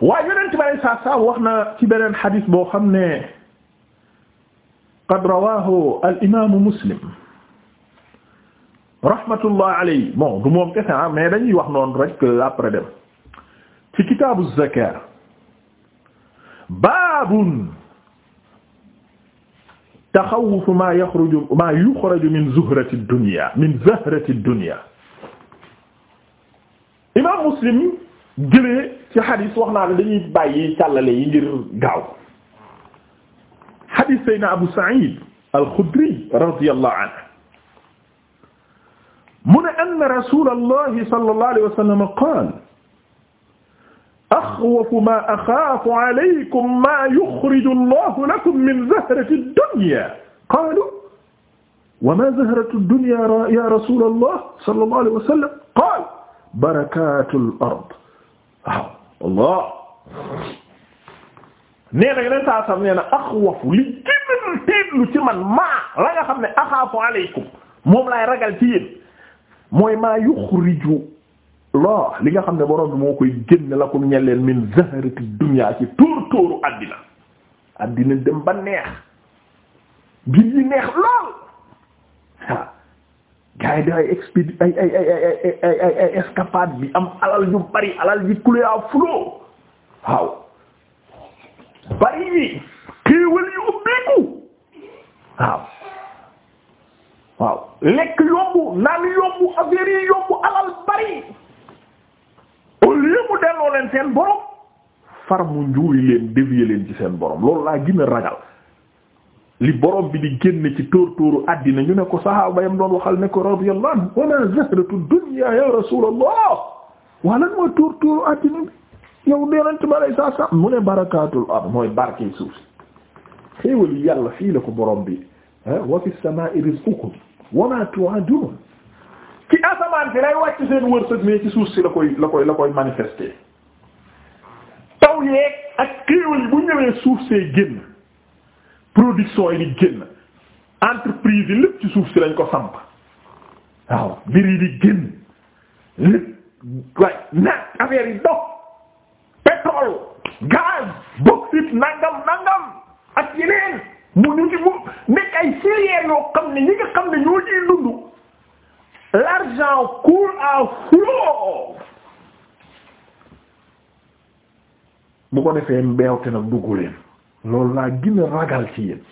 waaye yonent bare saa saa wax na ci beneen xadis boo xam ne qad rawahu al imaamu muslim rahmatullah alayhi bon du moom kese ah mais dañuy wax noonu rek euh, après dem ci kitaabu zakaat baabun taxawuf maa yaxruju maa yuxraju min zuhrati dunya min zahrati dunya imaam muslim jëlee. ci xadis wax naa ne dañuy bàyyi càllale yi ngir gaaw xadis sayna Abu Sa'id al-Khudri radiyallahu anhu mu ne anna rasulallahi sallallahu alayhi wa sallam qaala axwafu maa axaafu alaykum maa yuxriju allahu lakum min zahrati ad-dunya qaalu wa maa zahratu ad-dunya ya rasulallah sallallahu alayhi wa sallam qaala barakaatu al-ard waaw allah nee na ne saa sam nee na axwafu li gënal teetlu ci man maa la nga xam ne axaafu aleykum moom laay ragal ci yéen mooy maa yuxriju laa li nga xam ne borom bi moo koy génn la ko ñel leen a zahrati ci tóor tóoru àddina àddina dem ba neex bir yi neex lool gars yi di ay expédi ay ay ay ay escapade bi am alal ju bari alal ji coulé à flot waaw bari yi xéewal yu ubbeeku waaw waaw lekk yombu naan yombu affaire yi alal bari au lieu delloo leen seen borom far mu leen dévier leen ci seen borom loolu laa gën a ragal li borom bi di génn ci tóor tóoru àddina ñu ne ko sahaaba yam doon waxal ne ko radiyallahu anhu wa ma zahratu dunya ya rasulallah waalan mooy tóor tóoru àddina bi yow doonante balay saa sa mu ne barakatul ard mooy barkey suuf si xéewal yàlla fii la ko borom bi ah, wa fi samaa'i rizqukum wa ma tu'adun ci asamaan si lay wàcc seen wërsëg mais ci suuf si la koy la koy la taw yeeg ak xéewal yi bu ñëwee suuf see génn production yi di génn entreprise yi lépp ci suuf si lañ ko samp waaw mbir yi di génn lépp waaye nag affaire yi dox pétrole gaz bauxite nangam nangam ak yeneen mu ñu nekk ay filières yoo xam ne ñi nga xam ne ñoo ciy dund l'argent coule à flot bu ko defee mbeewte nag dugg leen loolu laa gën a ragal ci yéen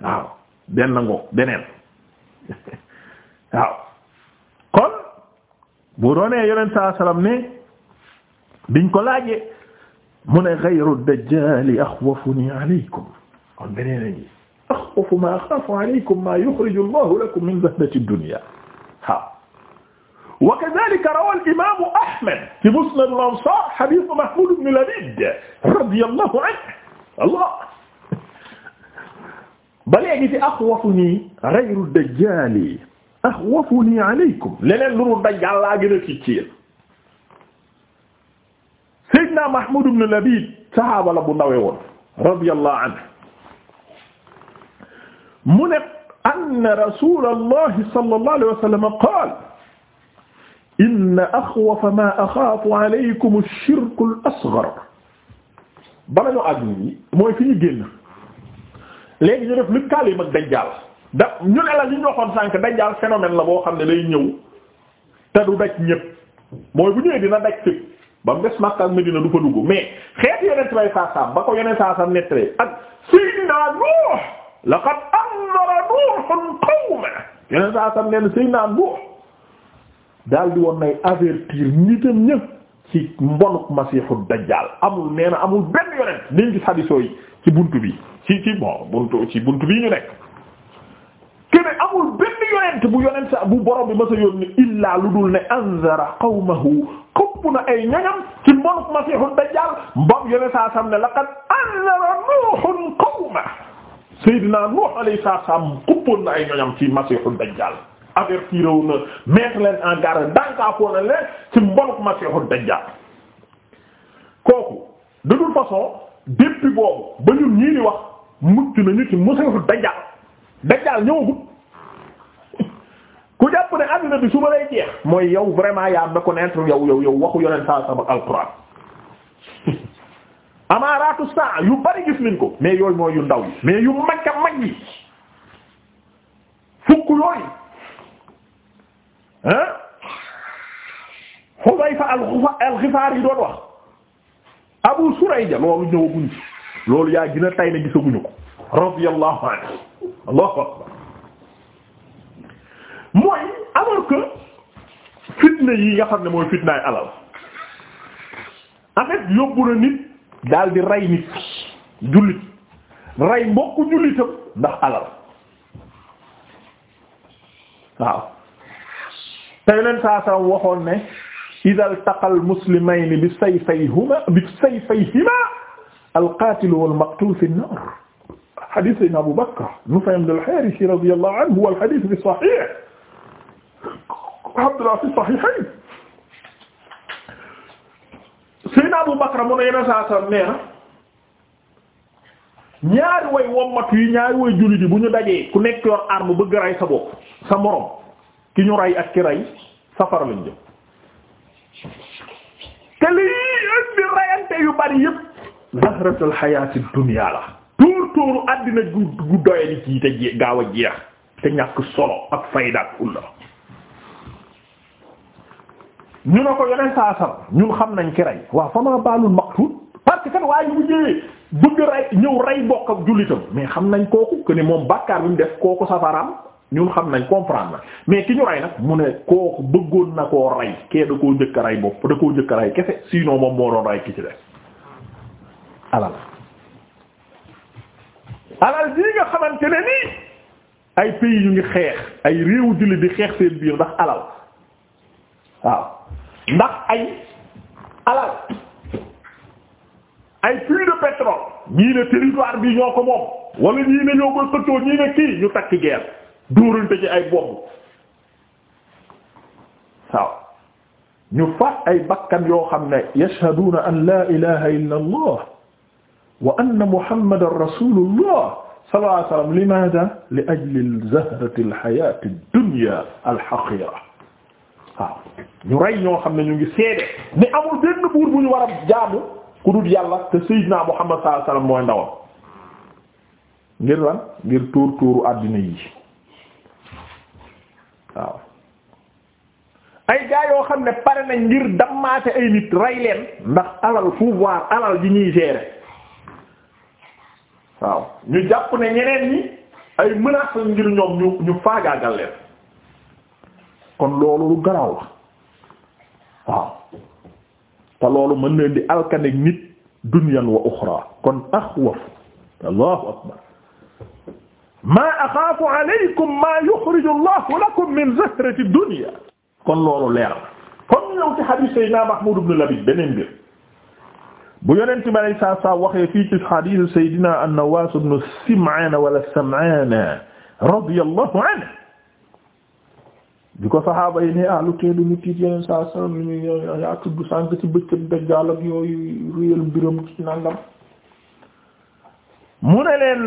waaw benn ngo beneen waaw kon bu doonee yonent saa salaam ne biñ ko laajee mu ne ghayru dajjali akhwafuni alaykum kon beneen a ngi akhwafu ma akhafu alaykum ma yukhriju Allahu lakum min zahnati dunya waaw wa kadhalika rawa al-imam Ahmad fi musnad al-Ansar hadith Mahmud ibn Labid radiyallahu anhu allah ba léegi fi axwafuni ghayru dajjali axwafuni alaykum leneen lu dul dajjal laa gën a tiit ci yéen Seydina Mahmoud ibn Labid saxaaba la bu ndawe woon radiyallahu anhu mu ne anna rasulallahi sallallahu alayhi wa sallam qaala inna axwafa ma axaafu alaykum ash-shirku al-asghar bala ñu àgg nii mooy fi ñu génn léegi ñu def lu kaalim ak dajjaal da ñu ne la li ñu waxoon sànq dajjaal phénomène la boo xam ne day ñëw te du daj ñépp mooy bu ñëwee dina daj fépp ba mu des Makka ak Medina du fa dugg mais xeet yeneen bay saasaam ba ko yeneen saasaam nettalee ak Seydina Nuux laqad di woon nay avertir nitam ñëpp ci mbonuk masiixu dajjaal amul nee na amul benn yonent niñ gis xadisoo yi ci buntu bi ci ci bon buntu ci buntu bi ñu nekk kene amul benn yonent bu yonent sa bu borom bi ma sa yónni illaa lu dul ne anzara qawmahu xëpp na ay ñañam ci mbonuk masiixu dajjaal mbom yonent saa sam ne laqad anzara nuuhun qawma sayyidina nuuh alayhi salaam xëppoon na ay ñañam ci masiixu dajjaal avertir na mettre leen en garde dànkaafoo na leen ci mbonuk masiixu dajjaal kooku de toute façon depuis boobu ba ñun ñii wax mucc nañu ci masiixu dajjaal dajjaal ñëwagut ku jàpp ne àddina bi suba lay jeex mooy yow vraiment yaa méconnaître yow yow yow waxu yoneen saa sama alxuraan amaaraatu saa yu bari gis nañ ko mais yooyu mooy yu ndaw yi mais yu mag a mag yi fukk yooyu ah Xudayfa al-Xifaar yi doon wax Abu Surayja loolu ñëwaguñu loolu yaa gën a tay na gisaguñu ko radiyallahu anhu Allahu akbar mooy alors fitna yi nga xam ne mooy fitnaay alal en yóbbu na nit daal di nit jullit rey mbokku jullitam ndax alal waaw te yeneen saa saa waxoon ne idal taqal muslimayni bi sayfayhuma bi fi nnaar hadiis sayyidinaa Abuu Bakr Nufay ibn al-Haaris radiyallaahu mu ne yeneen saa saa nee na ñaari way wommat yi ñaari way jullit yi bu ñu dajee ku nekk yor arme sa bopp sa morom. ki ñu rey ak ki rey safara lañ jëm te lii indi reyante yu bari yépp zahratul hayatid dunya la tóor tóoru àddina gu gu doye ci te gaaw a jeex te ñàkk solo ak faydaak ulla ñu ne ko yeneen saa sal ñun xam nañ ki rey waaw fama baalul maqtul parce que kat waaye bu rey ñëw rey bokk ak jullitam mais xam nañ kooku que ne moom bàkkaar bi mu def kooku safaraam ñun xam nañ comprendre na mais ki ñu rey nag mu ne kooku bëggoon na koo rey kee da koo njëkk a rey bopp da koo njëkk a rey kese sinon moom moo doon rey ki ci def alal alal ji nga xamante ne nii ay pays yu ngi xeex ay réewu jullit di xeex seen biir ndax alal waaw ndax ay alal ay puits de pétrole ñii ne territoire bi ñoo ko moom wala ñii ne ñoo koy xëccoo ñii ne kii ñu takk guerre dóorante ci ay bomb waaw ñu faat ay bakkan yoo xam ne yashhaduuna an laa ilaha illa allah wa anna muhammadan rasulullah sallallahu alayhi wa sallam limaada li ajli zahrati alxayati dunya alxaqira waaw ñu rey ñoo xam ne ñu ngi seede ni amul benn buur bu ñu war a jaamu ku dul yàlla te sayyidina muhammad sallallahu alayhi wa sallam mooy ndawam ngir lan ngir tuur tuuru àddina yi waaw ay gaa yoo xam ne pare na ngir dammaate ay nit rey leen ndax alal pouvoir alal ji ñuy gérer waaw ñu jàpp ne ñeneen ñi ay menaces ngir ñoom ñu ñu faagaagal leen kon loolu lu garaw la waaw te loolu mën leen di alkanek nit dunyan wa uxra kon axwaf allahu akbar maa axaafu alaykum maa yuxriju allahu lakum min zahrati dunya kon loolu leer na kon ñëw ci xadiis Seydina Mahmoud ibn Labid beneen mbir bu yonent bi alayhi salaatu salaam waxee fii ci xadiis Seydina An-Nawaas ibn Sim'aan wala Sam'aan radiyallahu anhu bi ko saxaaba yi ne ah lu tee duñu tiit yeneen saa salaam li muy yaa tudd sànq ci bëccëg dajjaal ak yooyu réyal mbiram ci nangam mu ne leen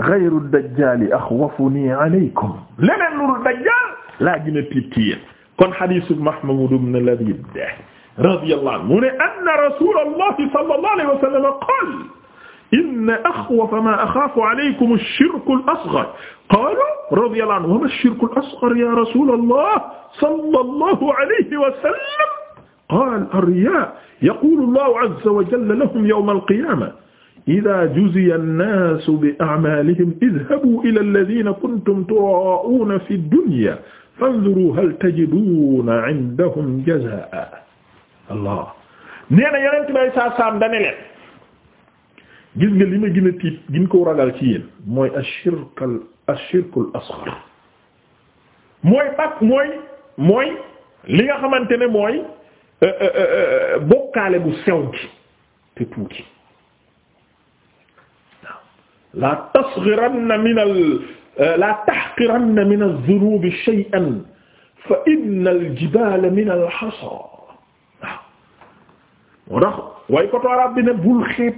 ghayru dajjali akhwafuni alaykum leneen lu dul dajjal laa gën a tiit ci yéen kon hadisu Mahmoud ibn Labid radiyallahu anhu mu ne anna rasulallahi sallallahu alayhi wa sallam qala inna akhwafa ma akhafu alaykum ash-shirku al-asghar qalu radiyallahu anhu wa ma ash-shirku al-asghar ya rasulallah sallallahu alayhi wa sallam qala ar-riya yaqulu Allahu azza wa jalla lahum yawm al-qiyamah ida juziya annaasu bi a'maalihim idhabuu ila alladhiina kuntum turaa'uuna fi dunya fanzuruu hal tajiduuna 'indahum jazaa'an allah nee na yonent bay saa saam dane leen gis nga li ma gën a tiit gin ko ragal ci yéen mooy ashirk ashirk al-asghar mooy bak mooy mooy li nga xamante ne mooy euh, euh, euh, bokkaale bu sew gi te tuuti la tasghiranna min al euh, la tahqiranna min az-zunubi shay'an fa inna al-jibala min al-hasa waaw moo tax way ko toorab bi ne bul xeeb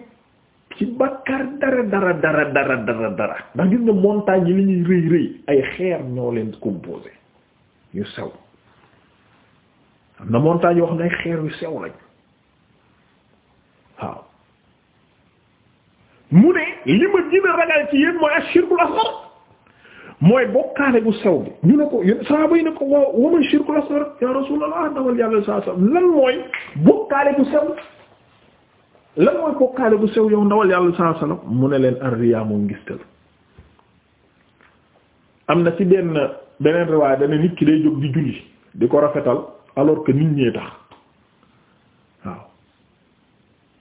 ci bakkar dara dara dara dara dara dara ndax gis nga montagne yi li ñuy rëy rëy ay xeer ñoo leen composé yu sew am na montagne yoo xam ne ay xeer yu sew lañ waaw mu ne li ma gën a ragal ci yéen mooy ashirkul asghar mooy bokkaale bu sew bi ñu ne ko sahaaba yi ne ko waaw wa ma shirkul asghar ya rasulullah dawal yàlla saa sallam lan mooy bokkaale bu sew yow ndawal yàlla saa mu ne leen ar-riyaa moom ngistal am na ci benn beneen riwaay dana nit ki day jóg di julli di ko rafetal alors que nit ñee tax waaw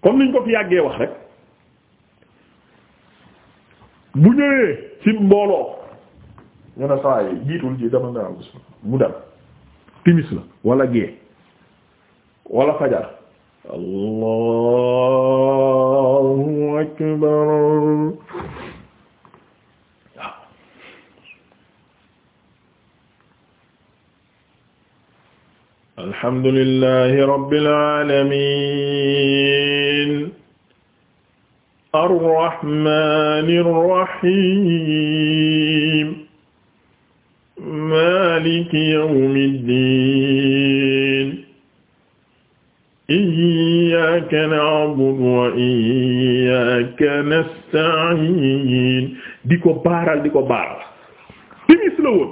comme niñ ko fi yàggee wax rek bu ñëwee ci mbooloo ñu ne saa yi jiitul ji dama ngaa gis mu dem wala gée wala fajar allahu akbar waaw alhamdulillahi rabbil arrahmaani rrahiim maaliki yawmi ddiin iyyaaka na'budu wa iyyaaka nasta'iin di ko baaral di ko baaral timis la woon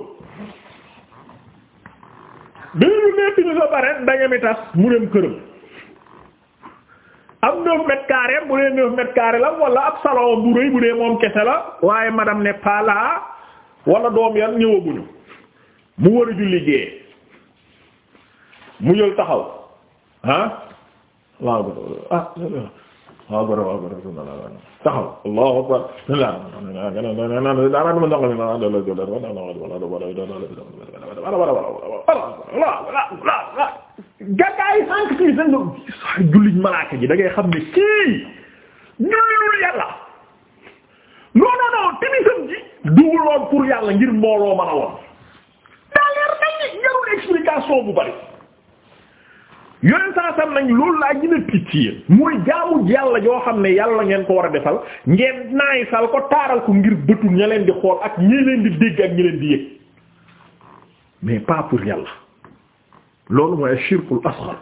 bi ñu nekk ñu ko bare da nga mi tas mu dem këram am neuf mètres carrés bu dee neuf mètres carrés la wala ab salon bu rëy bu dee moom kese la waaye madame ne pas là wala doom yan ñëwaguñu mu war a julli gée mu jël taxaw ah waaw ah waaw bëri waaw bëri na la taxaw Allahu akbar la gàddaay sànq si sa nga saa jullit malaaka ji da ngay xam ne kii julliwul yàlla non non non timisam ji duguloon pour yàlla ngir mbooloo mën a woon daa leer nañ ni jarul explication bu bari yoneen saa sam nañ loolu laa gën a ticc yéen mooy jaamu yàlla yoo xam ne yàlla ngeen ko war a defal ngeen naay sal ko taaral ko ngir bëtu ña leen di xool ak ñi leen di dégg ak ñi leen di yëg mais pas yàlla loolu mooy shirkul asghar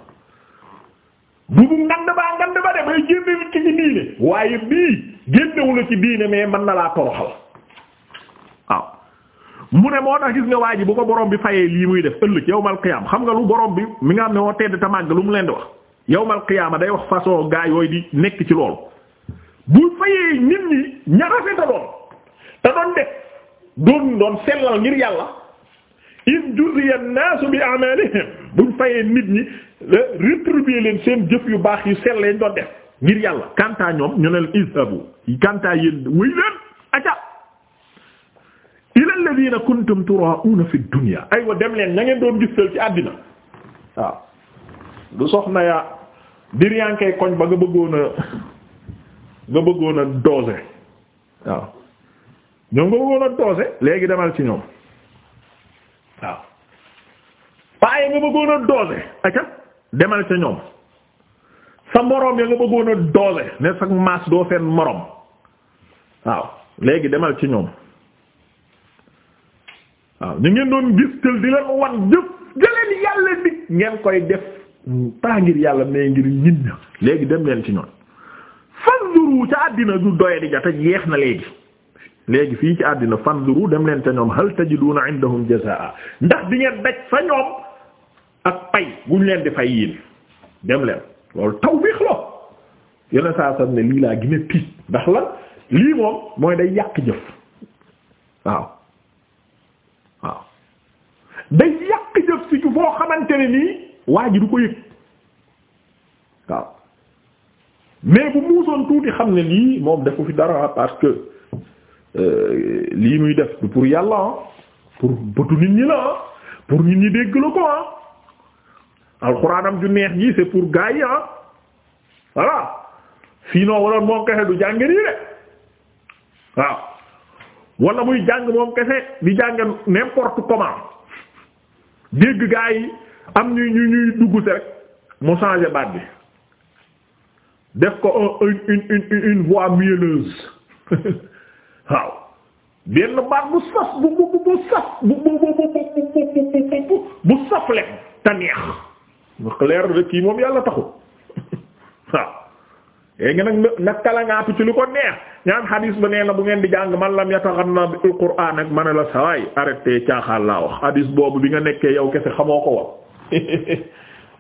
bu bu ngand baa ngand ba de bay génne ci ci diine waaye bii génnewula ci diine mais mën na laa toroxal mu ne moo tax gis nga waa ji bu ko borom bi fayee lii muy def ëllëg yawmal qiyaam xam nga lu borom bi mi nga xam ne moo tedd ta màgg lu mu leen di wax yawmal qiyaama day wax façon gaa yooyu di nekk ci loolu bu fayee nit ñi ña rafetaloon te doon ngir yàlla in juziya naasu bi nit ñi eh, rétribuer leen seen jëf yu baax yu sell lañ doon def ngir yàlla. kantaa ñoom ñu ne leen izhabu kantaa yéen wéy leen aca ila alladhina kuntum turauna fi dunya aywa dem leen na doon gisal ci àddina waaw du soxna ya diriyànkee koñ ba nga bëggoon nga bëggoon a doose waaw ñoom nga bëggoon doose léegi demal ci ñoom waaw paaye nga bëggoon doose aka demal ci ñoom sa moroom ya nga bëggoon a doose ne sa maas doo seen moroom waaw léegi demal ci ñoom waaw ñu ngeen doon gis tël di leen wan jëf jëleen yàlla nit ngeen koy def pas ngir yàlla mais ngir ñin na léegi dem leen ci ñoom fanzuru ca àddina du doye di jata yeex na léegi léegi fii ci àddina fanzuru dem leen ca ñoom hal tajiduna indahum jazaa ndax di ngeen daj fa ñoom ak pay guñ leen di fay yéen dem leen loolu tawfiix la yeneen saa sam ne lii laa gën a tiit ndax la lii moom mooy day yàq jëf waaw day yàq jëf si foo xamante ne waa ji du ko yëg waaw mais bu muusoon tuuti xam ne lii moom defu fi dara parce que euh, lii muy def du pour yàlla pour bëtu nit ñi la pour nit ñi dégg la ko ah alxuraanam ju neex ji c'est pour gars yi ah voilà fii noo waroon moom kese du jàng nii de waaw wala muy jàng moom kese di jàng n'importe comment dégg gaa yi am ñu ñu ñuy dugg rek mu changé baat bi def ko un une une une voix mielleuse waaw benn baat bu saf bu bu bu bu saf bu bu bu bu bu saf leen te neex. clair de kii moom yàlla taxul waaw. léegi nag nag kalangaatu ci lu ko neex ñaan hadis ba nee na bu ngeen di jàng man la lam yataghanna bil qur'aan ak man la sawaay arrêté caaxaan laa wax hadis boobu bi nga nekkee yow kese xamoo ko woon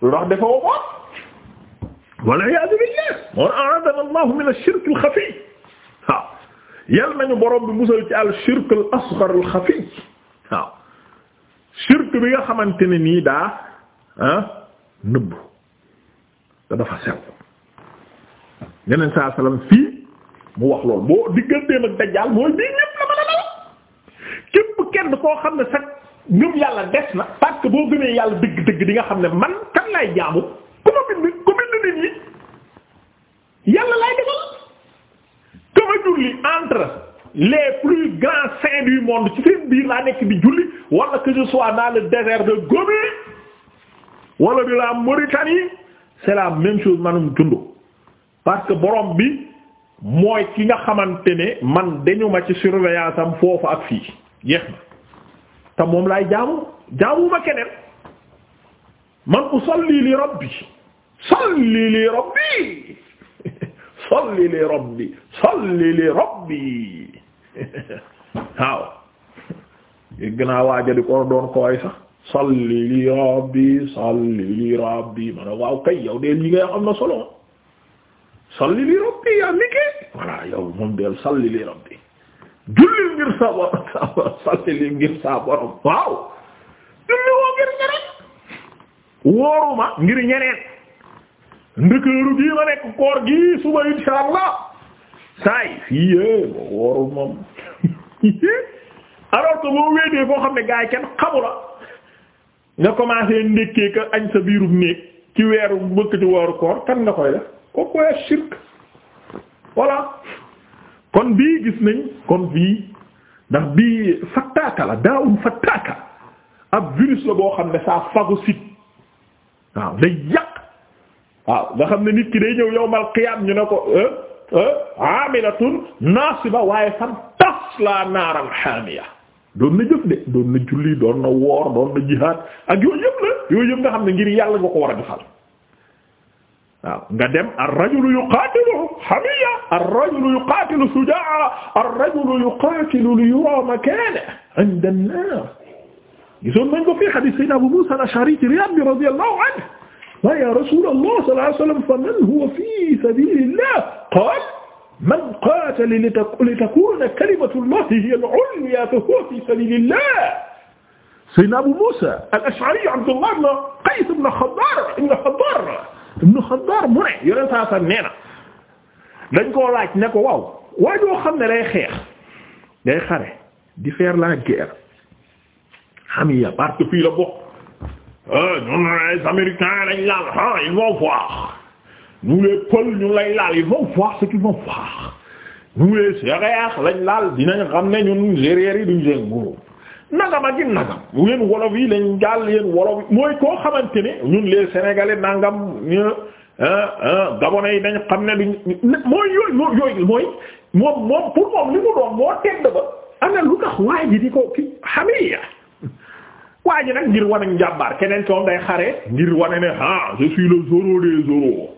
lu tax dafa woo ko wala yaa billah wa a'adana Allahu min ash-shirk al-khafi yal nañu boroom bi musal ci al-shirk al-asghar al-khafi shirk bi nga xamante ne nii daa ah te dafa sew. yeneen saa salaam fii mu wax lool boo digganteem ak dajjaal mooy bii ñépp la mën a dal képp kenn koo xam ne sax ngëm yàlla des na parce que boo gëmee yàlla dëgg-dëgg di nga xam ne man kan laay jaamu ku ma bind ku bind nit ñi yàlla laay defal que ma julli entre les plus grands saints du monde ci seen biir laa nekk di julli wala que je sois dans le désert de Gobi wala de la Mauritanie c'est la même chose manum dund parce que borom bi mooy ki nga xamante ne man dañu ma ci surveillance am foofu ak fii jeex na te moom laay jaamu jaamuma keneen man ku li rabbi salli li rabbi salli li rabbi salli li rabbi waaw yëgg naa waaja di ko doon ko sax salli li rabbi salli li rabbi man waaw kay yow de li ngay xam na solo salli li rabbi yaa liggéey voilà yow moom del salli li rabbi jullil ngir sa borom sa ngir sa waaw julli woo ngir ñeneen wooruma ngir ñeneen ndëkkëru gii ma nekk koor gi suba insha allah saay fii yee boo moom alors que boo weetee foo xam ne gaa yi kenn xamu la nga commencé ndékkee ka añ sa biirum néeg ci weeru bëkk ci wooru koor kan nga koy def kooku mooy shirk voilà kon bii gis nañ kon bii ndax bii fattaaka la daawul fattaaka ab virus la boo xam ne saa phagocyte waaw day yàq waaw nga xam ne nit ki day ñëw yowmal qiyaam ñu ne ko amilatun naasiba waaye fan tas laa naaran haamiya doon na jëf de doon na julli doon na woor doon na jihaad ak yooyu yëpp la yooyu yëpp nga xam ne ngir yàlla nga ko war a defal waaw nga dem ar-rajulu yuqaatilu hamiya ar-rajulu yuqaatilu shujaa'a ar-rajulu yuqaatilu li yuraa makaanahu 'inda an-naas gisoon nañ ko fii hadiis Sayyidinaa Abuu Muusaa al-Ash'arii ci Riyaad bi radiyallaahu anhu waaye yaa rasuulallaah sallallaahu alayhi wa sallam faman huwa fii sabiilillaah qaala man qaatala litakuuna kalimatullaahi hiya al-'ulyaa fahuwa fii sabiilillaah Sayyidinaa Abuu Muusaa al-Ash'arii Abdullaah ibn Qays ibn Xadar ibn Xadar ibnu Xandaar mu ne yoneen saa sa nee dañ koo laaj ne ko waaw waaye doo xam ne day xeex day xare di faire la guerre xam ya parce que fii la bokk ah, ñun les américains lañ laal ah ils vont voir nous les Peuls ñun lay laal ils vont voir ce qu'ils vont voir nous les Sérères lañ laal dinañ xam ne ñun Sérères yi duñ seen nguur nangam ak in nangam yéen wolof yi lañ jàll yéen wolof yi mooy koo xamante ne ñun les sénégalais nangam ah, ah, gabonais yi dañ xam ne duñ mooy yooyu yooyu mooy moom moom li mu doon moo tedd ba am lu tax waa ji di ko ki xamiya waa ji nag ngir wane njàmbaar keneen coom day xare ngir wane ne ah je suis zoro des zoro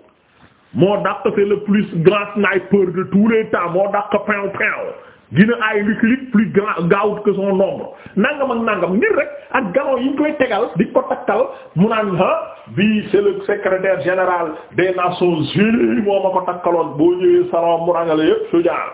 moo dàq c'est le plus grand sniper de tous les temps moo dàq pew pew gina ay li li plus grand gaawut que son nombre nangam ak nangam ngir rek ak galon yiñ koy tegal di ko taktal mu naan ha bii c'est général des nations unies moo ma ko takkaloon boo ñëwee salon mu rangale yëpp su jaar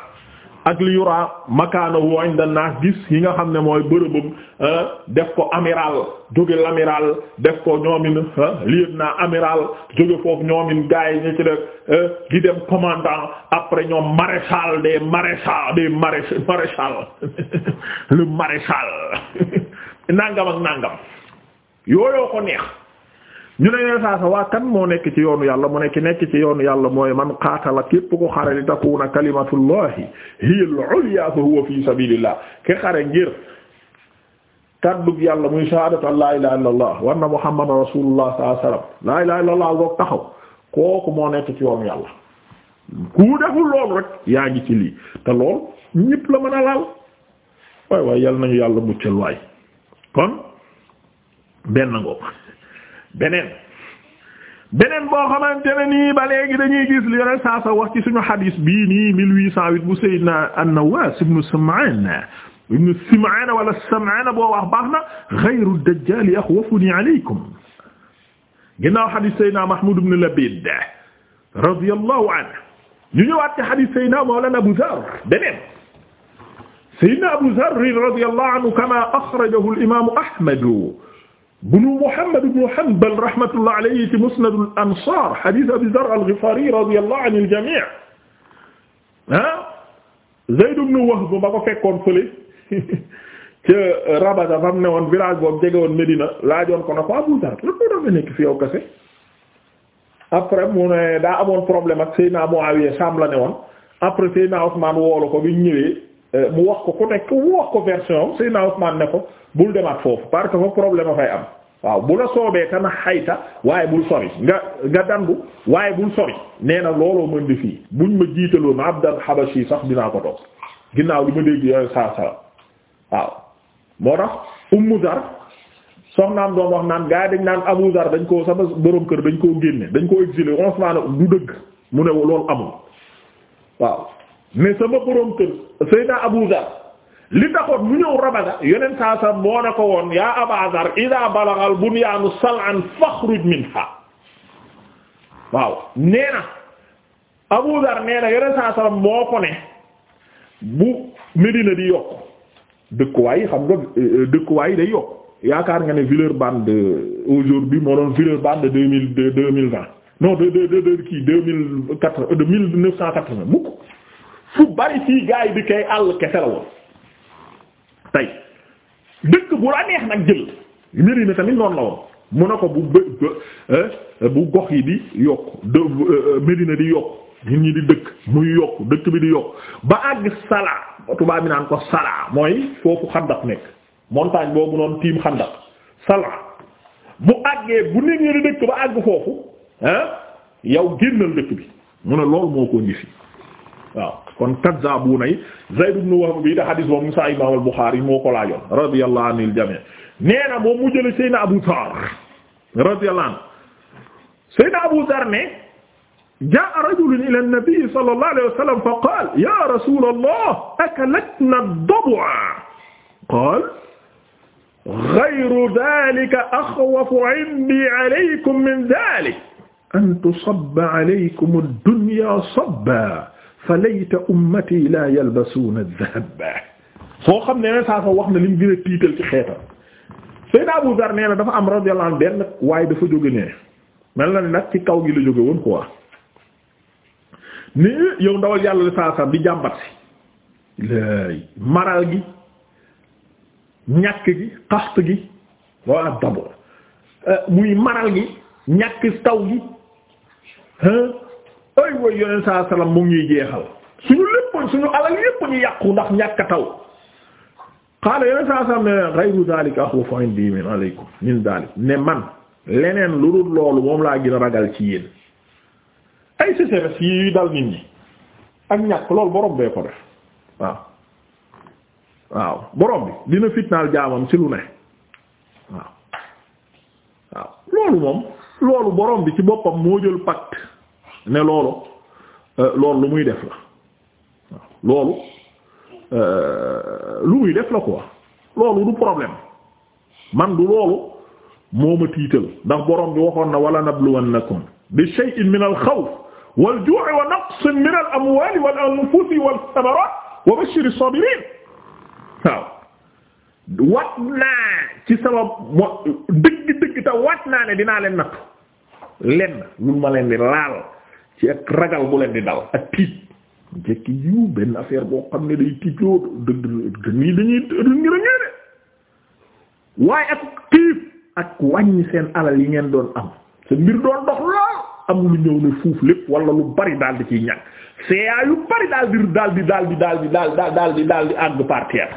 ak li yuraa makaanahu inda naas gis yi nga xam ne mooy bërëbam euh, def ko amiral jóge l'amiral def ko ñoomin euh, lieutenant amiral jóge foofu ñoomin gars ñu ci def euh, di dem commandant après ñoom maréchal des maréchal des maréchal le maréchal nangam ak nangam yooyoo ko neex ñu ne yoneen saa sa waa kan moo nekk ci yoonu yàlla mu nekk nekk ci yoonu yàlla mooy man qaatala képp ko xare li takuna kalimatullahi hiya al huwa fi sabilillah ke xare ngir kàddug yàlla muy shahadatu an illa wa anna muhammadan rasulullah sallallahu alayhi wasallam illa allah goog taxaw moo nekk ci yoonu yàlla ku deful loolu rek yaa ngi nañu yàlla muccal waay kon benn ngoog beneen beneen boo xamante ne nii ba léegi dañuy gis li yoneen wax ci suñu xadiis bii nii mille huit cent huit bu Seydina An-Nawwas ibnu Sam'an ibnu wala Sam'an boo wax baax na ghayru dajjal akhwafuni alaykum ginnaaw xadiis Seydina Mahmoud ibnu Labid radiyallahu anhu ñu ñëwaat ci xadiis Seydina Mawlana Abu Zarr beneen Seydina Abu Zarr radiyallahu anhu kama akhrajahu bunu Muhammad ibn Hanbal rahmatullah alayhi ci Musnad al-Ansar hadith Abi Dharr al-Ghifari radiyallahu anil jami' ah Zayd ibn Wahb ba ko fekkoon fële ca Rabada ba mu ne village boobu jege Medina laajoon ko na ko Abu Dharr lan moo doon nekk fi mu ne daa amoon problème ak Seyna Muawiya Saam la ne woon après woolu ko bi ñëwee Euh, mu wax ko ku nekk mu wax ko version Seydina Usmaan ne ko bul demaat foofu parce que foofu problème a fay am waaw bu la soobee kana xayta waaye bul sori nga nga dandu waaye bul sori nee na looloo mën di fii buñ ma jiitaloon Abdal Habashi sax dinaa ko toog ginnaaw li ma dégg yooyu saa saa waaw moo tax Ummu Dar soxnaam doon wax naan gaa yi dañ naan Abu Dar dañ koo sama borom kër dañ koo génne dañ koo exilé Usmaan du dëgg mu ne loolu amul ne sama borom kër Seydina Abu Dar li taxoon mu ñëw Rabada yeneen saa sa moo na ko woon yaa Aba Dar ida balagal bunyaanu sal'an fakhruj minha waaw nee na Abu Dar nee na yeneen saa moo ko ne bu Medina di yokk dëkkuwaay yi xam nga dëkkuwaay yi day yokk yaakaar nga ne Villeurbanne de aujourd'hui moo doon Villeurbanne de deux mille deux mille vingt non de de de deux mille quatre de mille neuf cent quatre-vingt mukk fu bari fii gaay bi kay àll kese la woon tey dëkk bu la nag jël mbir tamit noonu la woon mu ne ko bu bë eh, bu gox yi di yokk de eh, Medina di yokk nit ñi di dëkk muy yokk dëkk bi di yokk ba àgg salaa tubaab bi naan mooy foofu xandak nekk montagne boobu noonu tiim xandak salaa bu àggee bu nit ñi di dëkk ba àgg foofu ah yow génnal dëkk bi mu ne loolu moo ko ngi waaw kon kazzabuna yi Zayd ibn Wahb bi da hadis boobu Musa Imam al-Bukhari moo ko laajoon radiyallahu anil jami' nee na moom mu jële Seydina Abu Dhar radiyallahu anhu Seydina Abu Dhar ne jaa'a rajulun ila an-nabi sallallahu alayhi wa sallam fa qaala ya rasulallah akalatna ad-dab'a qaala ghayru dhalika akhwafu 'indi 'alaykum min dhalik an tusabba 'alaykum ad-dunya sabba fa layta ummati la yalbasuuna dahab foo xam ne saa sa wax na li mu gën tiital ci xeetam Seydina Abu Dar nee na dafa am radiyallahu anhu benn waaye dafa jóge ne mel na ne nag ci kaw gi la jóge woon quoi ni yàlla la bi jàmbat si laay maral gi ñàkk gi xaxt gi walla dabo euh, muy maral gi ñàkk taw gi ay way yoneen saa salaam mu ngi jeexal suñu lépp suñu alal yépp ñu yàqu ndax ñàkk taw xaala yoneen saa salaam ne ghayru dhalika akhafu indi min alaykum min dhalik ne man leneen lu dul loolu moom laa gin a ragal ci yéen ay sécheresse yi dal nit ñi ak ñàkk loolu borom bee ko def waaw waaw borom bi dina fitnaal jaamam ci lu ne waaw waaw loolu moom loolu borom bi ci boppam moo jël pacte ne loolu euh, loolu lu muy def la loolu euh, lu muy def la quoi loolu du problème man du loolu moo ma tiital ndax borom bi waxoon na wala nabluwannakum bi shay'in min al xawf wal ju'i min al amwali wat naa ci sama dëgg dëgg te wat naa ne dinaa leen natt lenn lu ma leen di laal ci ak ragal bu leen di dal ak tiit jekki yiw benn affaire boo xam ne day tiitoo dëgg nii dañuy ngir a ngéene waaye ak xiif ak wàññi seen alal yi ngeen doon am sa mbir doon dox lool am lu ñëw ne fuuf lépp wala lu bari daal di ciy ñàkk seeyaa yu bari daal di daal di daal di daal di daal di daal di àgg par terre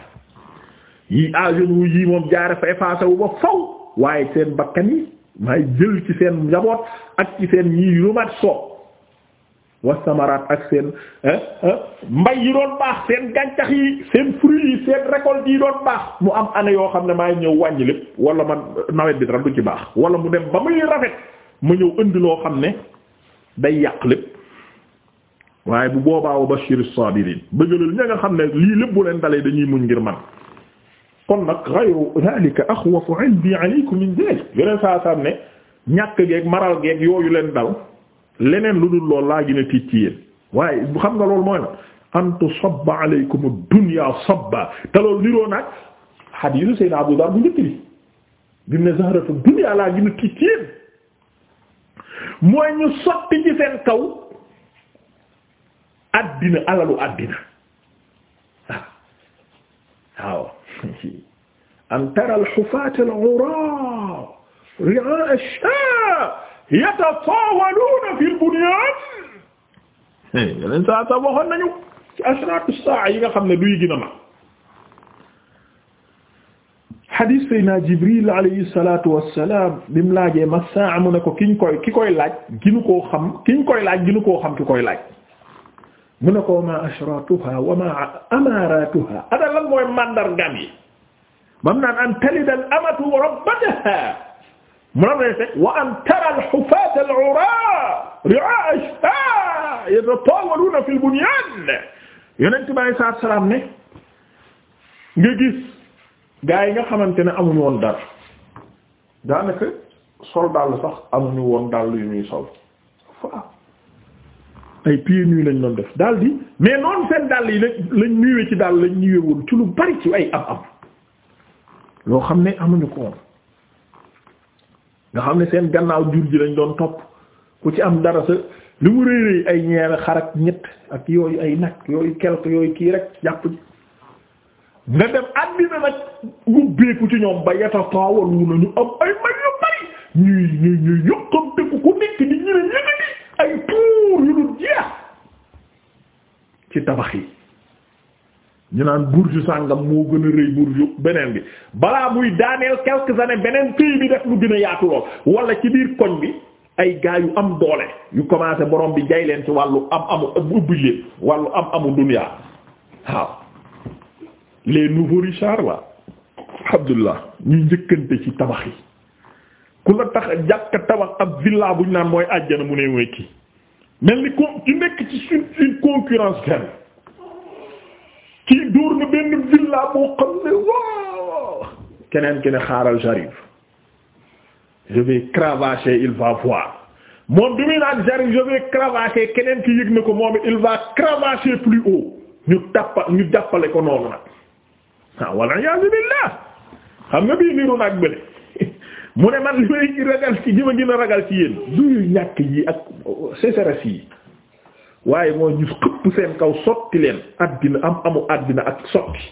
yi agene wu yi moom jaare fa effacé wu ba faw waaye seen bakkan yi may jël ci seen njaboot wasamaraat ak seen eh, eh, mbay yi doon baax seen gàncax yi seen fruits yi seen récolte yi doon baax mu am année yoo xam ne maay ñëw wàññi lépp wala man nawet bi dara du ci baax wala mu dem ba muy rafet mu ñëw indi loo xam ne day yàq lépp waaye bu boobaa wa bashir as-sabirin bëggalal ña nga xam ne lii lépp bu leen dalee dañuy muñ ngir man kon nag ghayru dhalika axwafu indi alaykum min dhalik yeneen saa saa ne ñàkk geeg maral geeg yooyu leen dal leneen lu dul loolu laa gën a tiit ci yéen waaye xam nga loolu mooy la an tusabba alaykum ad-dunya sabba te loolu niroo nag hadiisu Abu Dar bu njëkk bi bi mu ne zahratu dunya laa gën a tiit ci yéen mooy ñu sotti ci seen kaw addina alalu addina waaw an tara al-hufaata al-'uraa ri'aa ash-shaa' yatasaawaluuna fil bunyaan yeneen saa saa waxoon nañu ci ashraatu saa yi nga xam ne duy gën a mag xadiis sayna Jibril alayhi salaatu wassalaam bi mu laajee ma saa mu ne ko kiñ koy ki koy laaj ginu koo xam kiñ koy laaj ginu koo xam ki koy laaj mu ne ko wa ma ashraatuha wa ma amaaratuha ana lan mooy màndargam yi bam naan an talida al amatu rabbataha mu nam lay teg wa an tara al-hufaat al-'uraa ri'aa ashhaa yatataawaluuna fil bunyaan yonent bi alayhi salaatu wa salaam ne nga gis gaa yi nga xamante ne amuñu woon dara daanaka sol dàll sax amuñu woon dàll yu ñuy sol waaw ay pieds nus lañ doon def daal di mais noonu seen dàll yi lañ nuwee ci dàll lañ nuwee woon ci lu bari ci ay am am loo xam ne amuñu ko woon nga xam ne seen gannaaw jur ji lañu doon topp ku ci am dara sa li rëy rëy ay ñeer xarak ñett ak yooyu ay nag yooyu quelque yooyu kii rek jàpp nga dem àddina nag wubbeeku ci ñoom ba yeta taawal wu nañu am ay may bari ñuy ñuy ñuy yokkom dëkk ku nekk di ñu ne ñëne ay tuur yu dul jeex ci tabax yi ñu naan burju sàngam moo gën a rëy burju beneen bi balaa muy daaneel quelques années beneen pays bi def lu gën a yaatu lool wala ci biir koñ bi ay gaa yu am doole yu commencé borom bi jay leen ci wàllu am amu ubbi leen wàllu am amu dunya waaw les nouveaux richards là abdullah ñuy njëkkante ci tabax yi ku la tax jàkk tabax ab villa ñu naan mooy àjjana mu ne wekki mel ni ko ci nekk ci une concurrence ferme kii dóor na benn villa boo xam ne waaw keneen ki ne xaaral j'arrive je vais cravacher il va voir moom bi muy naan j'arrive je cravacher keneen ki yëg na ko moom il va cravacher plus haut ñu tappa ñu jàppale ko noonu nag ah walla iyaazu billaah xam nga bii niru nag bële mu ne man li may ragal ci li ma gën a ragal ci yéen du ñàkk yi ak sécheresse yi waaye mooy ñu xëpp seen kaw sotti leen addina am amu àddina ak sotti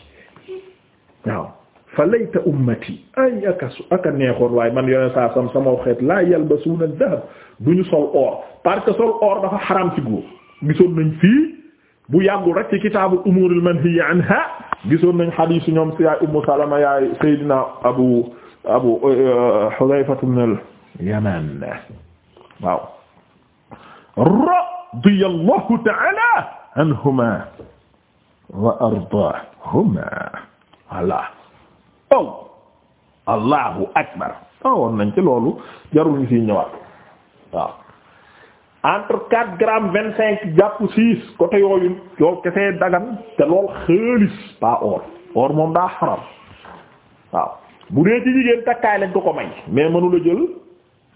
waaw fa layta ummati ay aka su aka neexoon waaye man yoneen saa sama xeet laa yalbasuuna dahab du ñu sol or parce que sol or dafa xaram ci góor gisoon nañ fii bu yàggul rek ci kitaabu umuuril manhiyyi anha gisoon nañ xadiisu ñoom si yaay ummu salama yaay seydina abu abu uh, hudayfatu min al yaman waaw radiyallahu ta'ala anhuma wa ardaahuma voilà oh allahu akbar oh, woon nañ ci loolu jarul ñu ci ñëwaat waaw entre quatre grammes vingt cinq jàpp six côté yooyu yow kese dagan te lool xaalis pas or or moom daa xaram waaw bu dee ci jigéen takkaay lañ ko ko may mais mënu jël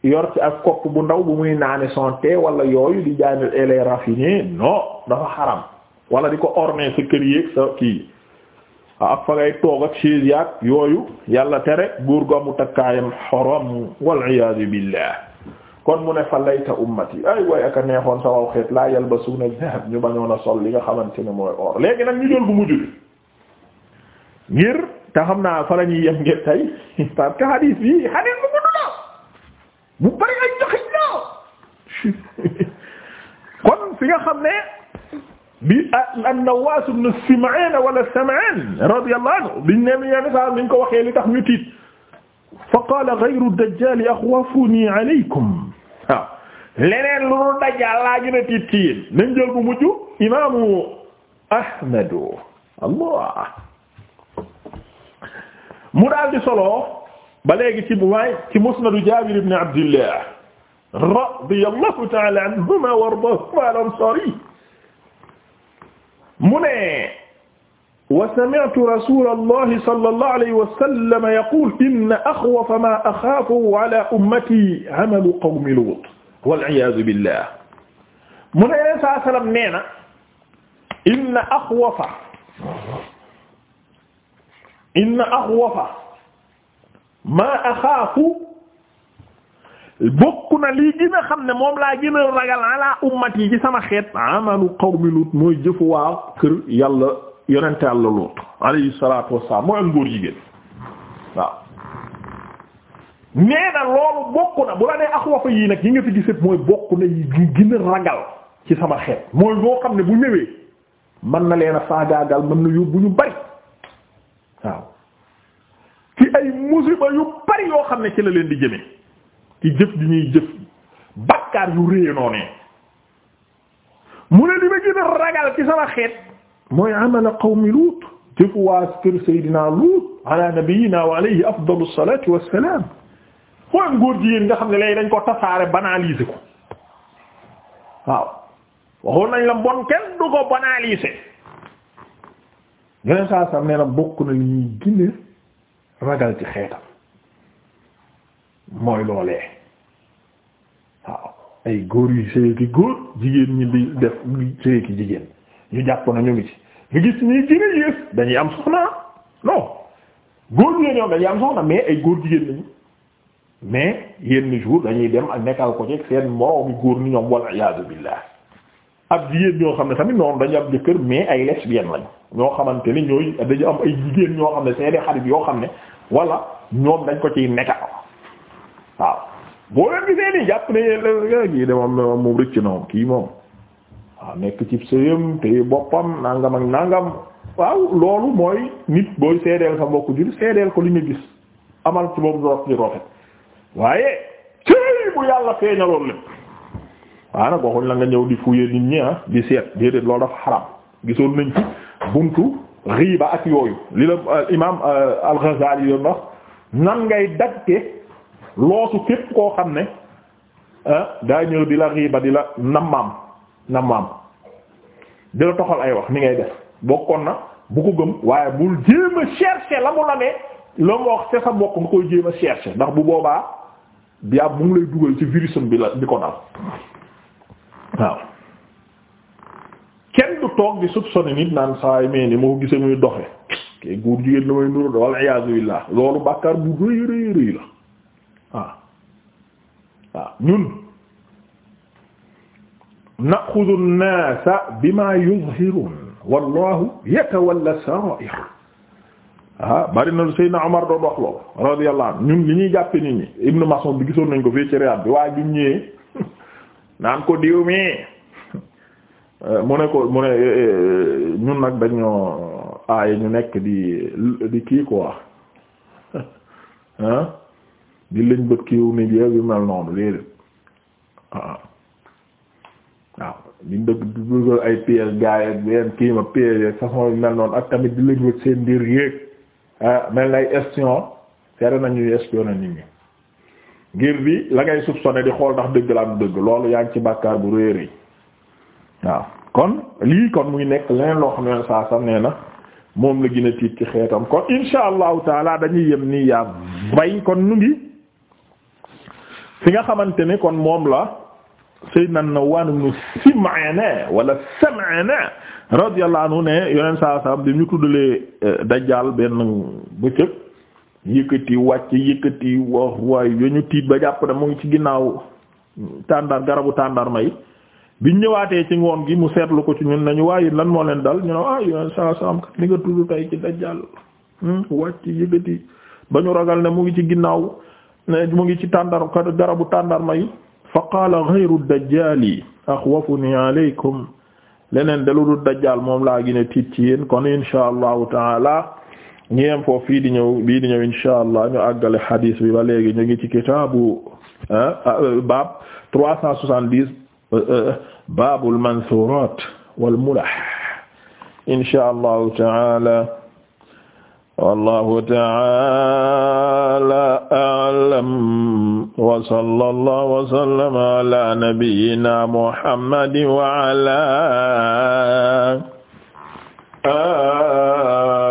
yor ci ak kopp bu ndaw bu muy naane son thé wala yooyu di jaanil ele raffiné non dafa xaram wala di ko orner sa kër yéeg sa kii ak fa ngay toog ak chaise yooyu yàlla tere góor gu mu takkaayam xaram wal iyaadu billah kon mu ne fa layta ummati ay way aka neexoon sa waw xeet laa yalbasuuna dahab ñu bañoon sol li nga xamante ne mooy or léegi nag ñu jël bu mujj ngir te xam naa fa la yem ngir tey parce que hadis bi hadis bu bu bari ay joxi ñoo kon fi nga xam ne bi an-Nawwas ibn Sim'an wala Sam'an radiyallahu anhu biñ ne yenn saa niñ ko waxee li tax ñu tiit fa qaala ghayru dajjal axwafuni alaykum waaw leneen lu dul dajjaal a tiit ci yéen nañ jël bu mujj imaamu Allah mu daal di solo ba léegi ci waay ci musnadu Jaabir ibn Abdillah radiyallahu ta'ala anhuma wa ardaahuma al-Ansari mu ne wa sami'tu rasulallahi sallallahu alayhi wa sallam yaqul inna axwafa ma axaafu ala ummati amalu qawmi Luut wal iyaazu billah mu ne yeneen saa salaam nee na inna axwafa inna axwafa maa axaafu bokk na lii gën a xam ne moom laa gën a ragal ala ummati yi ci sama xeet amalu qawmi Lut mooy jëfu waa kër yàlla yonente yàlla Lut alayhi salaatu wassalaam mooy ak ngóor jigéen waaw nee loolu bokk na bu la nee axwafa yii nag yi nga fi gis mooy bokk na yi gën a ragal ci sama xeet mooy boo xam ne bu ñëwee mën na leen a faagaagal mën na yóbbu ñu bari waaw ci ay musiba yu bari yoo xam ne ci leen di jëme ci jëf di ñuy jëf bakkaar yu réy noonee mu ne li ma gën a ragal ci sama xeet mooy amala qawmi Luut jëfu waa kër Seydina Luut ala nabiyyina wa alayhi afdalu salaatu wassalaam mooy góor jigéen nga xam ne léegi dañ ko tasaare banaliser ko waaw waxoon nañ la mbon kenn du ko banaliser yeneen saa sam nee na bokk li ñuy gine ragal ci xeetam mooy loolee waaw ay góor yu sëy ki góor jigéen ñi di def sëy ki jigéen ñu jàpp nañu ngi ci ñu gis ñuy gën a dañuy am soxna non góor jigéen ñoom dañuy am soxna mais ay góor jigéen lañu mais yenn jour dañuy dem ak nekkal ko ci seen moroomi góor ni ñoom wal iyaadu billah ab jigéen ñoo xam ne tamit noonu dañu am jëkkër mais ay lesbiennes lañ ñoo xamante ni ñooy dañu am ay jigéen ñoo xam ne seeni xarit yoo xam ne wala ñoom dañ ko ci nekka waaw boo leen gisee nii jàpp ne kii de moom moom rëcc na kii moom waaw nekk ci sëyam te boppam nangam ak nangam waaw loolu mooy nit booy seedeel sa mbokku jur seedeel ko li nga gis amal ci moom root ci rofet waaye ci bu yàlla feeñaloon lépp waaw nag waxuñ la nga ñëw di fuyee nit ñi ah di seet déedéet loolu dafa xaram gisoon nañ buntu riiba ak yooyu li la euh, imaam euh, al yoon wax nan ngay dagge loosu képp koo xam ne ah, daa ñëw di la riiba di la nammaam nammaam di la toxal ay wax ni ngay def bokkoon na bu ko gëm waaye bul jéem a la mu la ne la mu wax ca sa bokk nga koy jéem a ndax bu boobaa bi ab mu ngi lay dugal ci virusum bi la bi ko dal waaw kenn du toog di soupçonner nit naan saa yi mais ni moo gisee muy doxe kay góor jigéen la may nuru wal iyaazu billaah loolu bàkkaar bu rëy rëy rëy la waaw waaw ñun naxudu nnaasa bima yuzhirun wallahu yatawalla sarair ah bari na Seydina doon wax loolu radiyallahu anhu ñun li ñuy jàppe nit ñi Ibnu Mas'ud bi gisoon nañ ko fii ci Riyad bi waaye bi ñëwee naan ko diw mi mu ne ko mu ne eh, eh, ñun nag dañoo aay ñu nekk di di kii quoi ah di lëñ bët kiiw nit yeeg yu mel noonu léegi ah waaw di dëkk di dugal ay pièces gars yeeg benn kii ma pièces yeeg façon yu mel noonu ak tamit di lëñ seen biir yéeg ah, mel na ay espion seere nañu espionné nit ñi. ngir di la ngay soupçonné di xool ndax dëgg la am dëgg loolu yaa ngi ci bàkkaar bu réer waaw kon lii kon muy nekk leneen loo xam ne saa sam nee na moom la gën a tiit ci xeetam kon insha allahu taala dañuy yem nii yaa bay kon nu ngi fi nga xamante ni kon moom la sayyidna Nawwaan ibn Sim'aan wala Sam'aan radiyallahu anhu ne yeneen saa sam bi ñu tuddalee eh, dajjaal benn bëccëg yëkkati wàcc yëkkati wax waaye yañu tiit ba jàpp ne mu ngi ci ginnaaw tàndar garabu tàndar may biñ ñëwaatee ci ngoon gi mu seetlu ko ci ñun nañu waaye lan moo leen dal ñu ne ah saa saa kat li nga tudd tey ci dajjal hmm, wàcc yëkkati ba ñu ragal ne mu ngi ci ginnaaw mu ngi ci tàndar garabu tàndar may fa yi ax dajjali axwafuni alaykum leneen deludul dajjal moom laa gën tiit ci yéen kon insha allahu taala ñu yem foofu fii di ñëw bii di ñëw insha allah ñu àggale xadiis bi ba léegi ñu ngi ci kitaabu ah, ah, baab trois cent soixante-dix euh, euh, baabul mansuuraat wal mulah insha allahu taala wallahu taala a'lam wa sallallahu wa sallama ala nabiyyina muhammadin wa ala